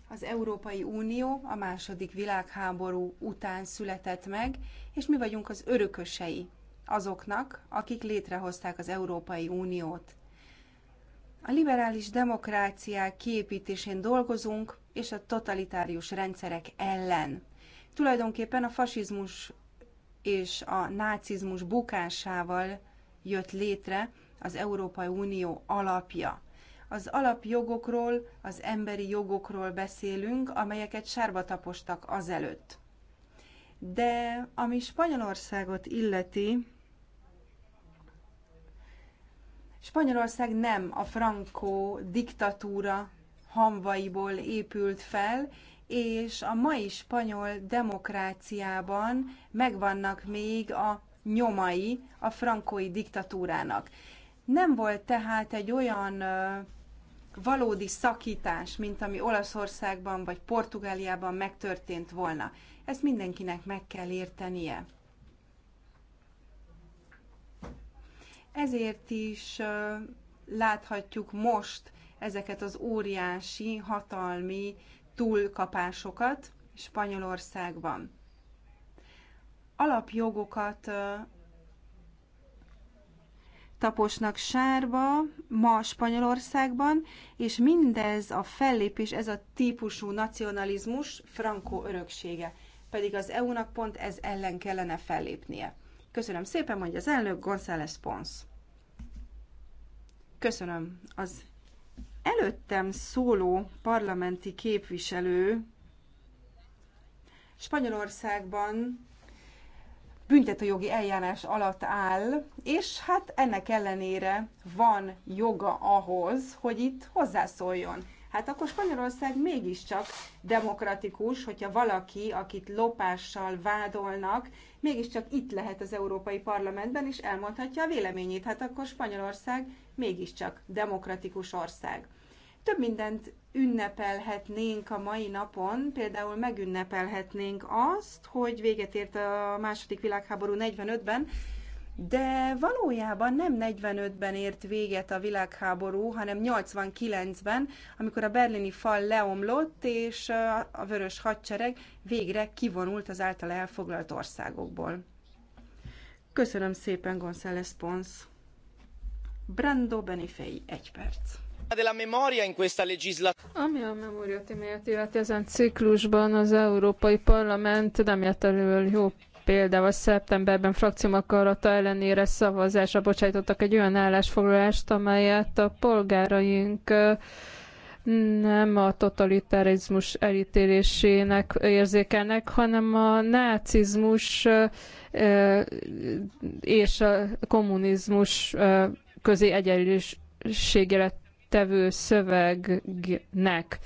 S4: Az Európai Unió a második világháború után született meg, és mi vagyunk az örökösei azoknak, akik létrehozták az Európai Uniót. A liberális demokráciák kiépítésén dolgozunk, és a totalitárius rendszerek ellen. Tulajdonképpen a fasizmus és a nácizmus bukásával jött létre az Európai Unió alapja. Az alapjogokról, az emberi jogokról beszélünk, amelyeket sárba tapostak azelőtt. De ami Spanyolországot illeti, Spanyolország nem a frankó diktatúra hamvaiból épült fel, és a mai spanyol demokráciában megvannak még a nyomai a frankói diktatúrának. Nem volt tehát egy olyan valódi szakítás, mint ami Olaszországban vagy Portugáliában megtörtént volna. Ezt mindenkinek meg kell értenie. Ezért is láthatjuk most ezeket az óriási hatalmi túlkapásokat Spanyolországban. Alapjogokat taposnak sárba ma Spanyolországban, és mindez a fellépés, ez a típusú nacionalizmus Franco öröksége. Pedig az EU-nak pont ez ellen kellene fellépnie. Köszönöm szépen, mondja az elnök González Pons. Köszönöm. Az előttem szóló parlamenti képviselő Spanyolországban büntetőjogi eljárás alatt áll, és hát ennek ellenére van joga ahhoz, hogy itt hozzászóljon hát akkor Spanyolország mégiscsak demokratikus, hogyha valaki, akit lopással vádolnak, mégiscsak itt lehet az Európai Parlamentben, és elmondhatja a véleményét. Hát akkor Spanyolország mégiscsak demokratikus ország. Több mindent ünnepelhetnénk a mai napon, például megünnepelhetnénk azt, hogy véget ért a második világháború 45-ben, de valójában nem 45-ben ért véget a világháború, hanem 89-ben, amikor a berlini fal leomlott, és a vörös hadsereg végre kivonult az által elfoglalt országokból. Köszönöm szépen, González Pons. Brando Benifei, egy perc.
S3: Ami a memória témáját illeti ezen ciklusban az Európai Parlament nem jött elő jó Például szeptemberben frakcióm akarata ellenére szavazásra bocsájtottak egy olyan állásfoglalást, amelyet a polgáraink nem a totalitarizmus elítélésének érzékelnek, hanem a nácizmus és a kommunizmus közé egyenlőségére tevő szövegnek.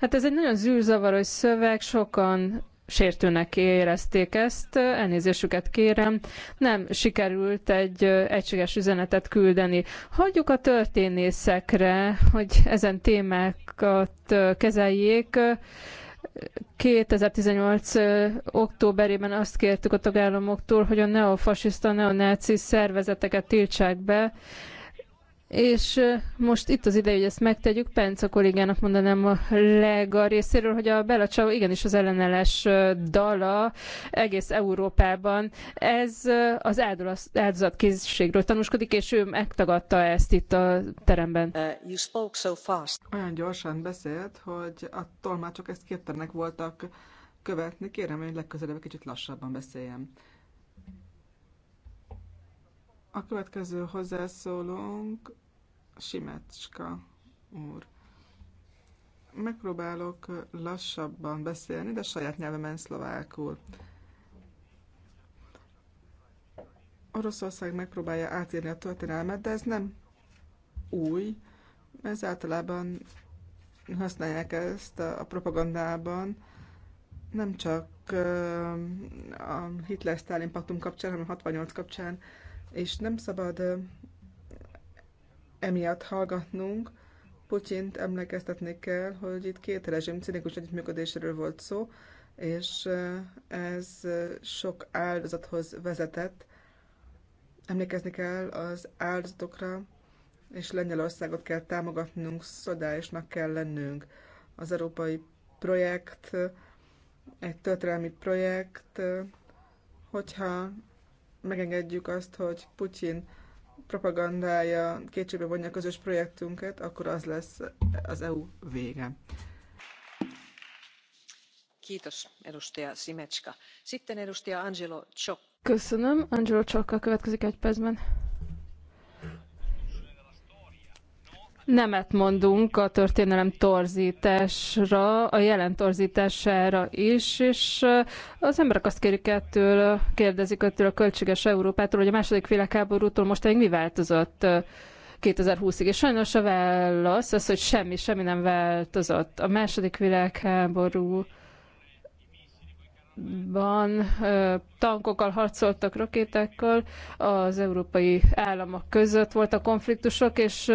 S3: Hát ez egy nagyon zűrzavaros szöveg, sokan sértőnek érezték ezt, elnézésüket kérem, nem sikerült egy egységes üzenetet küldeni. Hagyjuk a történészekre, hogy ezen témákat kezeljék. 2018. októberében azt kértük a tagállamoktól, hogy a neofasiszta, neonáci szervezeteket tiltsák be, és most itt az ideje, hogy ezt megtegyük. Penca kollégának mondanám a lega részéről, hogy a Bella Ciao igenis az elleneles dala egész Európában. Ez az áldozatkészségről tanúskodik, és ő megtagadta ezt itt a teremben. Uh,
S2: you spoke so fast. Olyan gyorsan
S1: beszélt, hogy a tolmácsok ezt képtelenek voltak követni. Kérem, hogy legközelebb kicsit lassabban beszéljem. A következő hozzászólónk Simecska úr. Megpróbálok lassabban beszélni, de saját nyelvemen szlovákul. Oroszország megpróbálja átírni a történelmet, de ez nem új. Ez általában használják ezt a propagandában, nem csak a Hitler-Stalin paktum kapcsán, hanem a 68 kapcsán és nem szabad emiatt hallgatnunk. Putyint emlékeztetni kell, hogy itt két rezsim cinikus együttműködéséről volt szó, és ez sok áldozathoz vezetett. Emlékezni kell az áldozatokra, és Lengyelországot kell támogatnunk, szodálisnak kell lennünk. Az európai projekt egy történelmi projekt, hogyha megengedjük azt, hogy Putyin propagandája kétségbe vonja közös projektünket, akkor az lesz az EU vége.
S2: Kiitos, edustaja Simecska. Sitten edustaja Angelo Csok.
S3: Köszönöm, Angelo Csokka következik egy percben. nemet mondunk a történelem torzításra, a jelen torzítására is, és az emberek azt kérik ettől, kérdezik ettől a költséges Európától, hogy a második világháborútól mostanig mi változott 2020-ig. És sajnos a válasz az, hogy semmi, semmi nem változott. A második világháború Ban tankokkal harcoltak, rakétákkal, az európai államok között voltak konfliktusok, és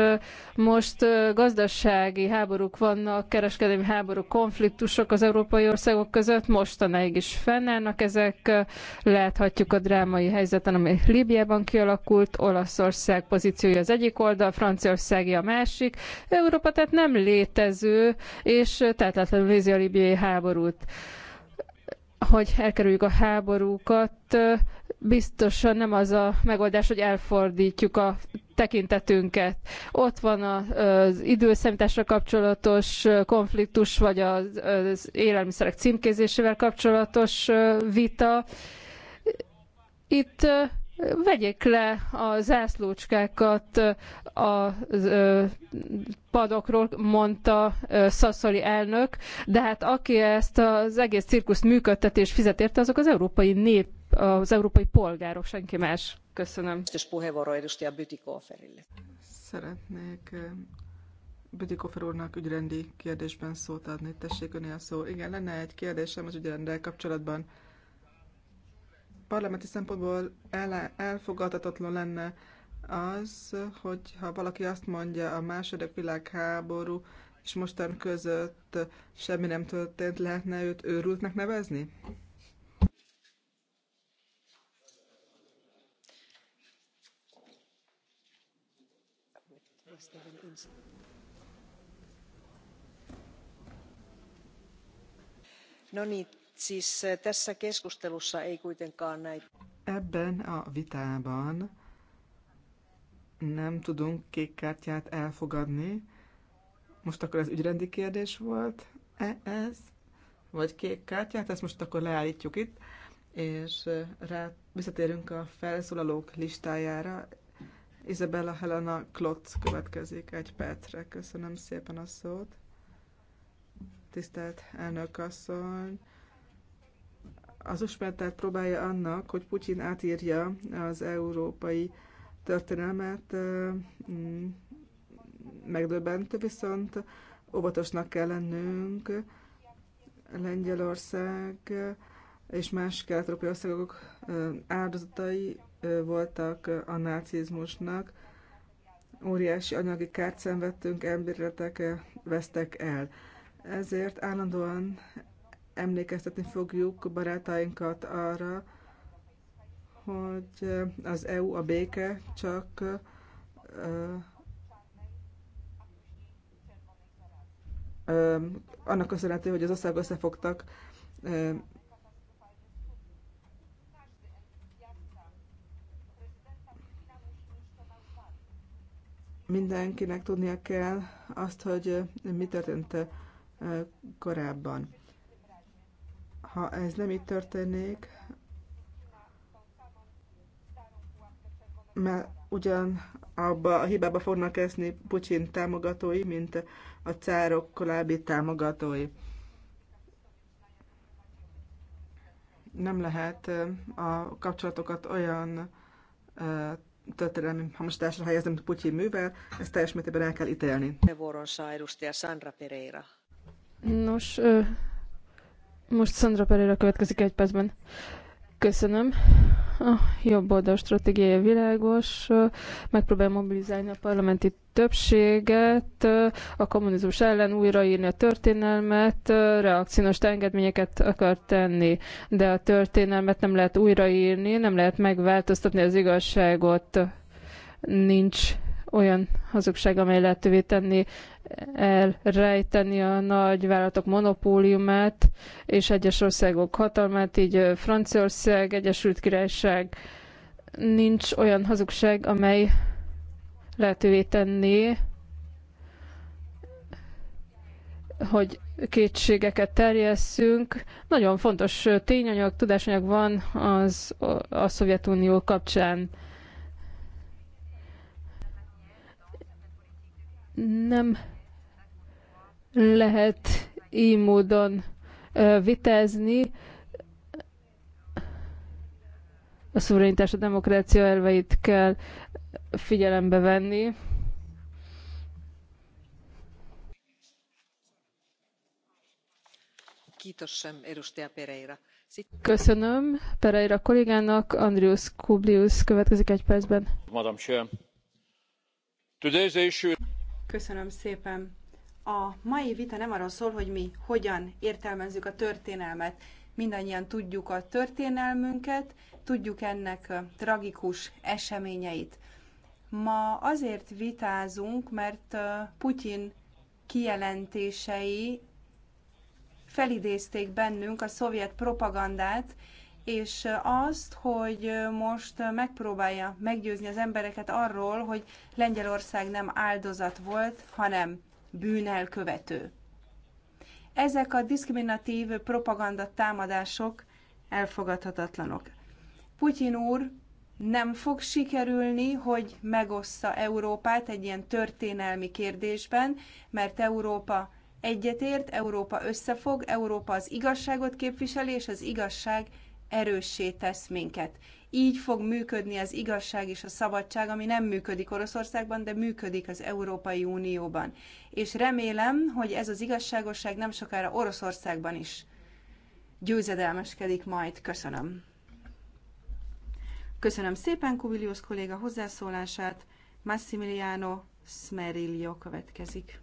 S3: most gazdasági háborúk vannak, kereskedelmi háború konfliktusok az európai országok között, mostanáig is fennállnak ezek. Láthatjuk a drámai helyzeten, ami Líbiában kialakult, Olaszország pozíciója az egyik oldal, Franciaországi a másik. Európa tehát nem létező, és tehetetlenül nézi a líbiai háborút hogy elkerüljük a háborúkat, biztosan nem az a megoldás, hogy elfordítjuk a tekintetünket. Ott van az időszámításra kapcsolatos konfliktus, vagy az élelmiszerek címkézésével kapcsolatos vita. Itt vegyék le a zászlócskákat a padokról, mondta Szaszoli elnök, de hát aki ezt az egész cirkuszt működteti és fizet érte, azok az európai nép, az európai polgárok, senki más. Köszönöm.
S1: Szeretnék Bütikofer úrnak ügyrendi kérdésben szót adni. Tessék önél szó. Igen, lenne egy kérdésem az ügyrendel kapcsolatban parlamenti szempontból el, elfogadhatatlan lenne az, hogyha valaki azt mondja a második világháború és mostan között semmi nem történt, lehetne őt őrültnek nevezni?
S2: No niin, Eh,
S1: Ebben a vitában nem tudunk kék kártyát elfogadni. Most akkor ez ügyrendi kérdés volt -e ez? Vagy kék kártyát? Ezt most akkor leállítjuk itt, és eh, rá visszatérünk a felszólalók listájára. Isabella Helena Klotz következik egy percre. Köszönöm szépen a szót. Tisztelt elnök asszony, az ismertet próbálja annak, hogy Putyin átírja az európai történelmet, mm, megdöbbentő, viszont óvatosnak kell lennünk. Lengyelország és más kelet-európai országok áldozatai voltak a nácizmusnak. Óriási anyagi kárt szenvedtünk, emberületek vesztek el. Ezért állandóan emlékeztetni fogjuk barátainkat arra, hogy az EU a béke csak annak köszönhető, hogy az ország összefogtak. Mindenkinek tudnia kell azt, hogy mi történt korábban. Ha ez nem így történik, mert ugyan abba a hibába fognak eszni Putyin támogatói, mint a cárok korábbi támogatói. Nem lehet a kapcsolatokat olyan történelmi hamosításra
S2: helyezni, mint Putyin művel, ezt teljes mértékben el kell ítélni.
S3: Nos, most Sandra Pereira következik egy percben. Köszönöm. A jobb oldal stratégiája világos, megpróbál mobilizálni a parlamenti többséget, a kommunizmus ellen újraírni a történelmet, reakciós engedményeket akar tenni, de a történelmet nem lehet újraírni, nem lehet megváltoztatni az igazságot, nincs olyan hazugság, amely lehetővé tenni elrejteni a nagy vállalatok monopóliumát és egyes országok hatalmát, így Franciaország, Egyesült Királyság nincs olyan hazugság, amely lehetővé tenni, hogy kétségeket terjesszünk. Nagyon fontos tényanyag, tudásanyag van az, a Szovjetunió kapcsán. nem lehet így módon vitázni a szuverenitás, a demokrácia elveit kell figyelembe venni. Köszönöm Pereira kollégának, Andrius Kublius következik egy percben.
S6: Madam Chair. Today's issue...
S4: Köszönöm szépen. A mai vita nem arról szól, hogy mi hogyan értelmezzük a történelmet. Mindannyian tudjuk a történelmünket, tudjuk ennek tragikus eseményeit. Ma azért vitázunk, mert Putyin kijelentései felidézték bennünk a szovjet propagandát, és azt, hogy most megpróbálja meggyőzni az embereket arról, hogy Lengyelország nem áldozat volt, hanem bűnelkövető. Ezek a diszkriminatív propaganda támadások elfogadhatatlanok. Putyin úr nem fog sikerülni, hogy megossza Európát egy ilyen történelmi kérdésben, mert Európa egyetért, Európa összefog, Európa az igazságot képviseli, és az igazság erőssé tesz minket. Így fog működni az igazság és a szabadság, ami nem működik Oroszországban, de működik az Európai Unióban. És remélem, hogy ez az igazságosság nem sokára Oroszországban is győzedelmeskedik majd. Köszönöm. Köszönöm szépen Kubilius kolléga hozzászólását. Massimiliano Smerillo következik.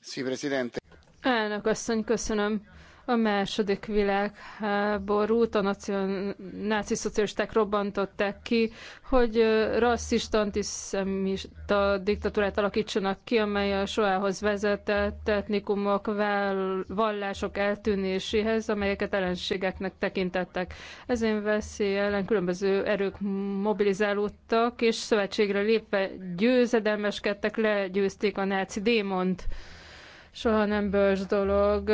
S6: Sí, presidente.
S3: Elnök asszony, köszönöm. A második világháborút a náci szocialisták robbantották ki, hogy rasszista, antiszemista diktatúrát alakítsanak ki, amely a soához vezetett etnikumok, vallások eltűnéséhez, amelyeket ellenségeknek tekintettek. Ezen veszély ellen különböző erők mobilizálódtak, és szövetségre lépve győzedelmeskedtek, legyőzték a náci démont soha nem bölcs dolog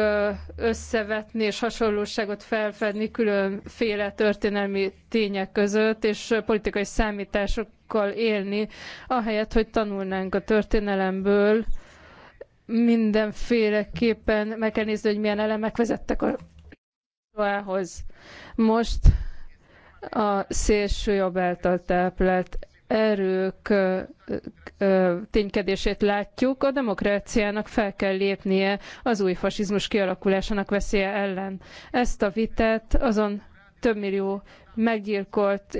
S3: összevetni és hasonlóságot felfedni különféle történelmi tények között, és politikai számításokkal élni, ahelyett, hogy tanulnánk a történelemből, mindenféleképpen meg kell nézni, hogy milyen elemek vezettek a Roához. Most a szélső jobb által táplált erők ténykedését látjuk, a demokráciának fel kell lépnie az új fasizmus kialakulásának veszélye ellen. Ezt a vitát azon több millió meggyilkolt,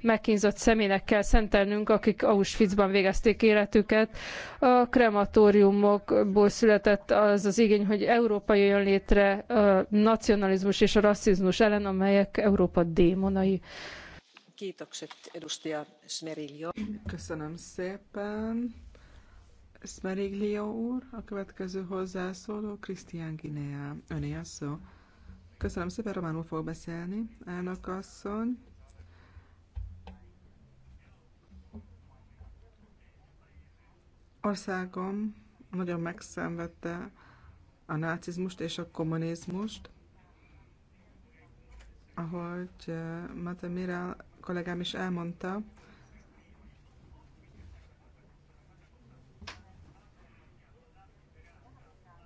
S3: megkínzott személynek kell szentelnünk, akik Auschwitzban végezték életüket. A krematóriumokból született az az igény, hogy Európa jöjjön létre a nacionalizmus és a rasszizmus ellen, amelyek Európa démonai.
S2: Köszönöm
S1: szépen. Smeriglio úr, a következő hozzászóló Krisztián Guinea. Öné a szó. Köszönöm szépen, románul fog beszélni. Elnök asszony. Országom nagyon megszenvedte a nácizmust és a kommunizmust, ahogy eh, Mate Mirel kollégám is elmondta,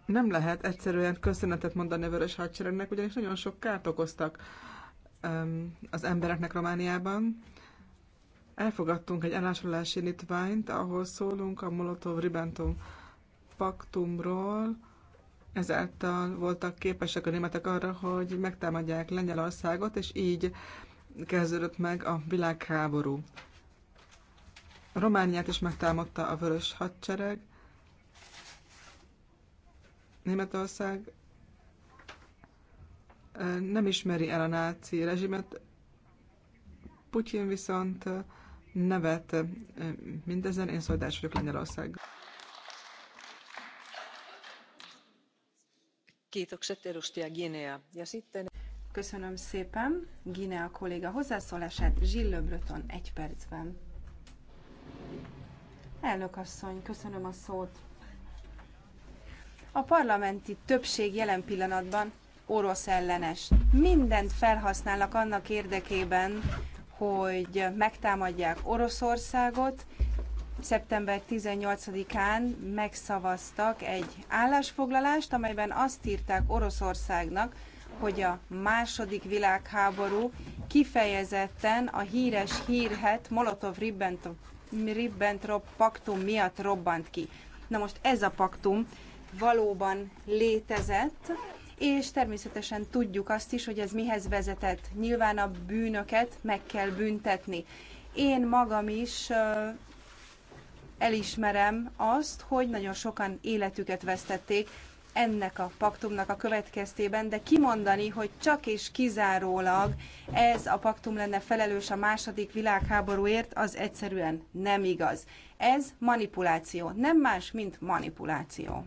S1: nem lehet egyszerűen köszönetet mondani a Vörös Hadseregnek, ugyanis nagyon sok kárt okoztak az embereknek Romániában. Elfogadtunk egy elásolási indítványt, ahol szólunk a Molotov-Ribbentrop paktumról, ezáltal voltak képesek a németek arra, hogy megtámadják Lengyelországot, és így kezdődött meg a világháború. Romániát is megtámadta a Vörös Hadsereg, Németország eh, nem ismeri el a náci rezsimet, Putyin viszont eh, nevet eh, mindezen, én szolidás vagyok Lengyelország.
S2: Kiitokset edustaja Guinea. Ja sitten... Köszönöm szépen. Gine
S4: a kolléga hozzászólását. Zsillő Bröton egy percben. Elnök asszony, köszönöm a szót. A parlamenti többség jelen pillanatban orosz ellenes. Mindent felhasználnak annak érdekében, hogy megtámadják Oroszországot. Szeptember 18-án megszavaztak egy állásfoglalást, amelyben azt írták Oroszországnak, hogy a második világháború kifejezetten a híres hírhet Molotov-Ribbentrop paktum miatt robbant ki. Na most ez a paktum valóban létezett, és természetesen tudjuk azt is, hogy ez mihez vezetett. Nyilván a bűnöket meg kell büntetni. Én magam is elismerem azt, hogy nagyon sokan életüket vesztették ennek a paktumnak a következtében, de kimondani, hogy csak és kizárólag ez a paktum lenne felelős a második világháborúért, az egyszerűen nem igaz. Ez manipuláció, nem más, mint manipuláció.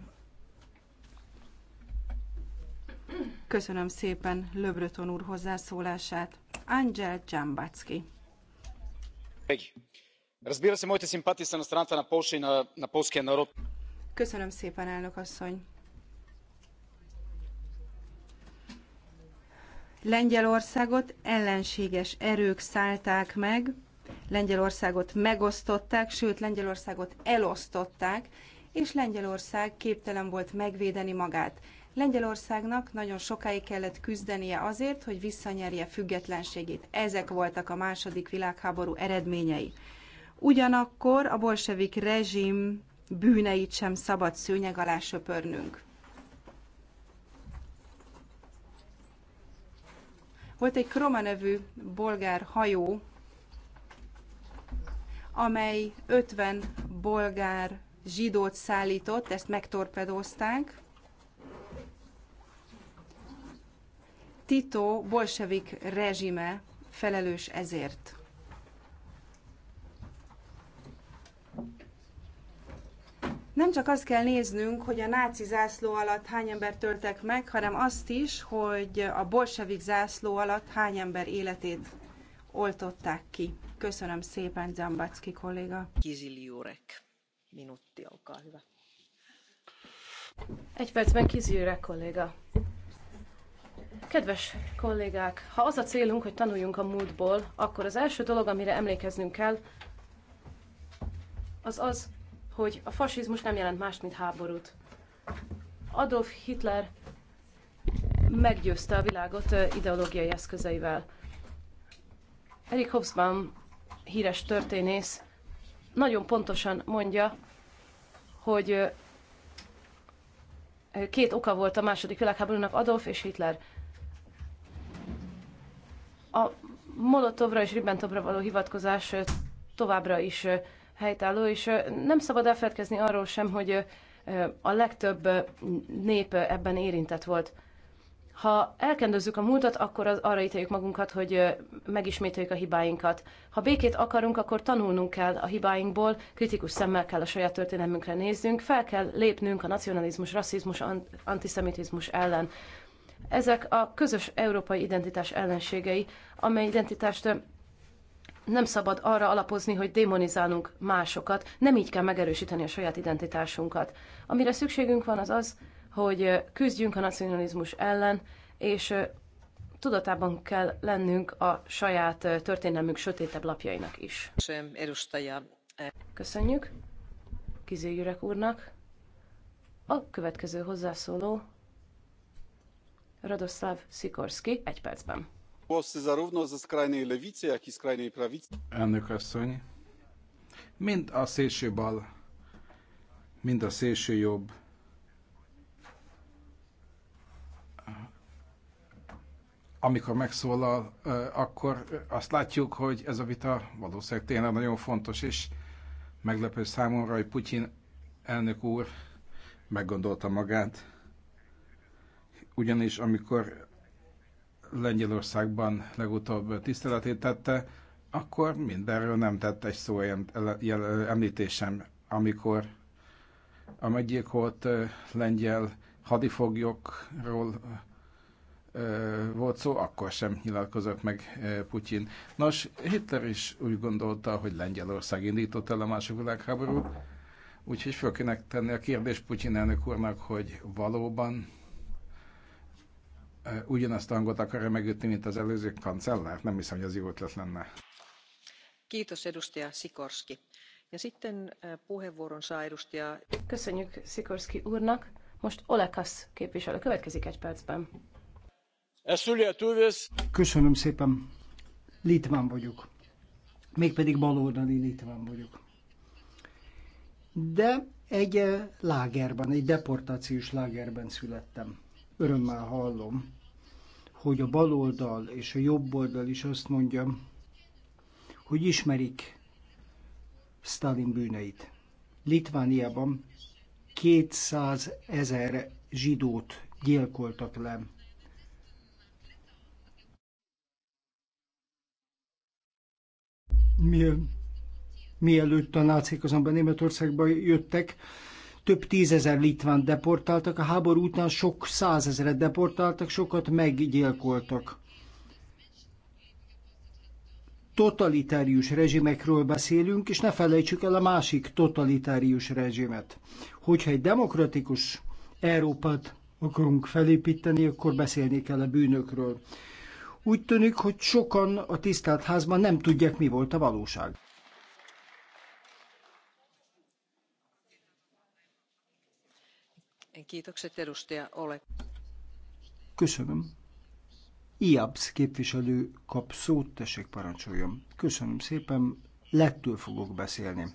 S4: Köszönöm szépen Löbröton úr hozzászólását. Angel Dzsambacki. Köszönöm szépen, elnök asszony. Lengyelországot ellenséges erők szállták meg, Lengyelországot megosztották, sőt, Lengyelországot elosztották, és Lengyelország képtelen volt megvédeni magát. Lengyelországnak nagyon sokáig kellett küzdenie azért, hogy visszanyerje függetlenségét. Ezek voltak a második világháború eredményei. Ugyanakkor a bolsevik rezsim bűneit sem szabad szőnyeg alá söpörnünk. Volt egy Kroma nevű bolgár hajó, amely 50 bolgár zsidót szállított, ezt megtorpedózták. Tito bolsevik rezsime felelős ezért. Nem csak azt kell néznünk, hogy a náci zászló alatt hány ember töltek meg, hanem azt is, hogy a bolsevik zászló alatt hány ember életét oltották ki. Köszönöm szépen, Zambacki kolléga.
S2: Kizili Jurek. Minutti, olkaa
S4: Egy percben Kizili
S5: Jurek kolléga. Kedves kollégák, ha az a célunk, hogy tanuljunk a múltból, akkor az első dolog, amire emlékeznünk kell, az az, hogy a fasizmus nem jelent más, mint háborút. Adolf Hitler meggyőzte a világot ideológiai eszközeivel. Erik Hobsbawm, híres történész, nagyon pontosan mondja, hogy két oka volt a második világháborúnak, Adolf és Hitler. A Molotovra és Ribbentopra való hivatkozás továbbra is helytálló, és nem szabad elfeledkezni arról sem, hogy a legtöbb nép ebben érintett volt. Ha elkendőzzük a múltat, akkor az, arra ítéljük magunkat, hogy megismételjük a hibáinkat. Ha békét akarunk, akkor tanulnunk kell a hibáinkból, kritikus szemmel kell a saját történelmünkre néznünk, fel kell lépnünk a nacionalizmus, rasszizmus, antiszemitizmus ellen. Ezek a közös európai identitás ellenségei, amely identitást nem szabad arra alapozni, hogy démonizálunk másokat, nem így kell megerősíteni a saját identitásunkat. Amire szükségünk van az az, hogy küzdjünk a nacionalizmus ellen, és tudatában kell lennünk a saját történelmünk sötétebb lapjainak is. Köszönjük Kizé Jürek úrnak. A következő hozzászóló Radoszláv Szikorszki egy percben.
S6: Elnök asszony, mind a szélső bal, mind a szélső jobb amikor megszólal, akkor azt látjuk, hogy ez a vita valószínűleg tényleg nagyon fontos, és meglepő számomra, hogy Putyin elnök úr meggondolta magát, ugyanis amikor Lengyelországban legutóbb tiszteletét tette, akkor mindenről nem tett egy szó említésem, amikor a meggyilkolt lengyel hadifoglyokról volt szó, akkor sem nyilatkozott meg Putyin. Nos, Hitler is úgy gondolta, hogy Lengyelország indított el a második világháborút, úgyhogy föl kéne tenni a kérdést Putyin elnök úrnak, hogy valóban ugyanazt a hangot akarja megütni, mint az előző kancellár? Nem hiszem, hogy az jó ötlet lenne.
S2: Kiitos, edustaja Sikorski. Ja sitten puheenvuoron saa edustaja... Köszönjük Sikorski úrnak.
S5: Most Olekasz képviselő következik egy percben.
S6: E
S7: Köszönöm szépen. Litván vagyok. Mégpedig baloldali Litván vagyok. De egy lágerben, egy deportációs lágerben születtem. Örömmel hallom, hogy a baloldal és a jobboldal is azt mondja, hogy ismerik Stalin bűneit. Litvániában 200 ezer zsidót gyilkoltak le. Miel, mielőtt a nácik azonban Németországba jöttek, több tízezer litván deportáltak, a háború után sok százezeret deportáltak, sokat meggyilkoltak. Totalitárius rezsimekről beszélünk, és ne felejtsük el a másik totalitárius rezsimet. Hogyha egy demokratikus Európát akarunk felépíteni, akkor beszélni kell a bűnökről. Úgy tűnik, hogy sokan a tisztelt házban nem tudják, mi volt a valóság. Köszönöm. IABS képviselő kap szót, tessék parancsoljon. Köszönöm szépen, lettől fogok beszélni.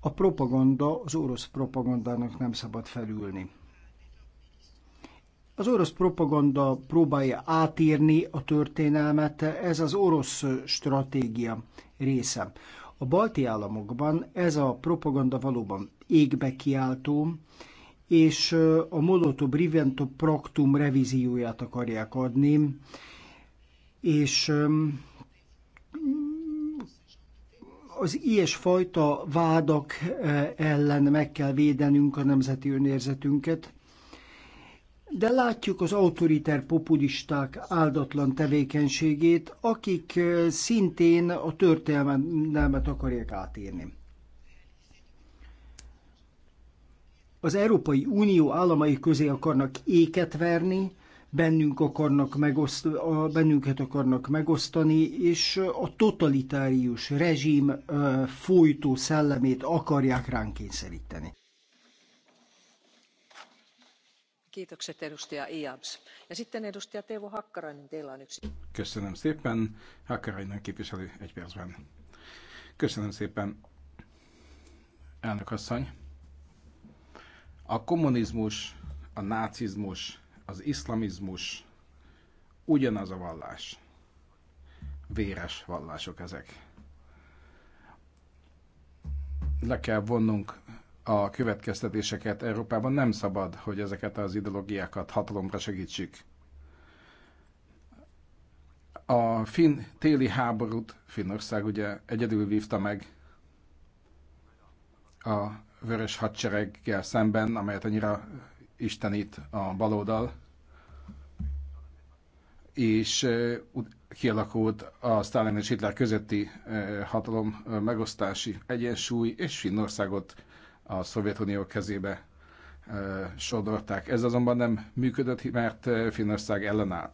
S7: A propaganda, az orosz propagandának nem szabad felülni. Az orosz propaganda próbálja átírni a történelmet, ez az orosz stratégia része. A balti államokban ez a propaganda valóban égbe kiáltó, és a Molotov-Ribbentrop Praktum revízióját akarják adni, és az ilyesfajta vádak ellen meg kell védenünk a nemzeti önérzetünket, de látjuk az autoriter populisták áldatlan tevékenységét, akik szintén a történelmet akarják átírni. Az Európai Unió államai közé akarnak éket verni, bennünk akarnak megoszt, bennünket akarnak megosztani, és a totalitárius rezsim folytó szellemét akarják ránk kényszeríteni.
S6: Köszönöm szépen. Hakkarainen képviselő egy percben. Köszönöm szépen, elnök asszony. A kommunizmus, a nácizmus, az iszlamizmus ugyanaz a vallás. Véres vallások ezek. Le kell vonnunk a következtetéseket Európában nem szabad, hogy ezeket az ideológiákat hatalomra segítsük. A finn téli háborút Finnország ugye egyedül vívta meg a vörös hadsereggel szemben, amelyet annyira istenít a baloldal, és kialakult a Stalin és Hitler közötti hatalom megosztási egyensúly, és Finnországot a Szovjetunió kezébe e, sodorták. Ez azonban nem működött, mert e, Finnország ellenállt.